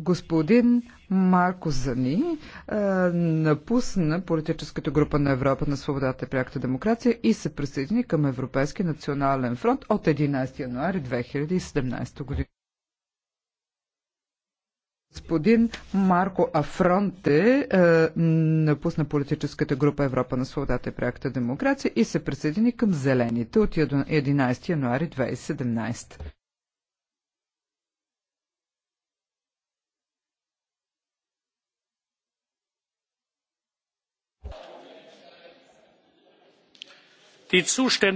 Господин Марко Зани е, напусна политическата група на Европа на свободата и пряката демокрация и се присъедини към Европейски национален фронт от 11 януари 2017 година. Господин Марко Афронте е, напусна политическата група Европа на свободата и пряката демокрация и се присъедини към Зелените от 11 януари 2017. die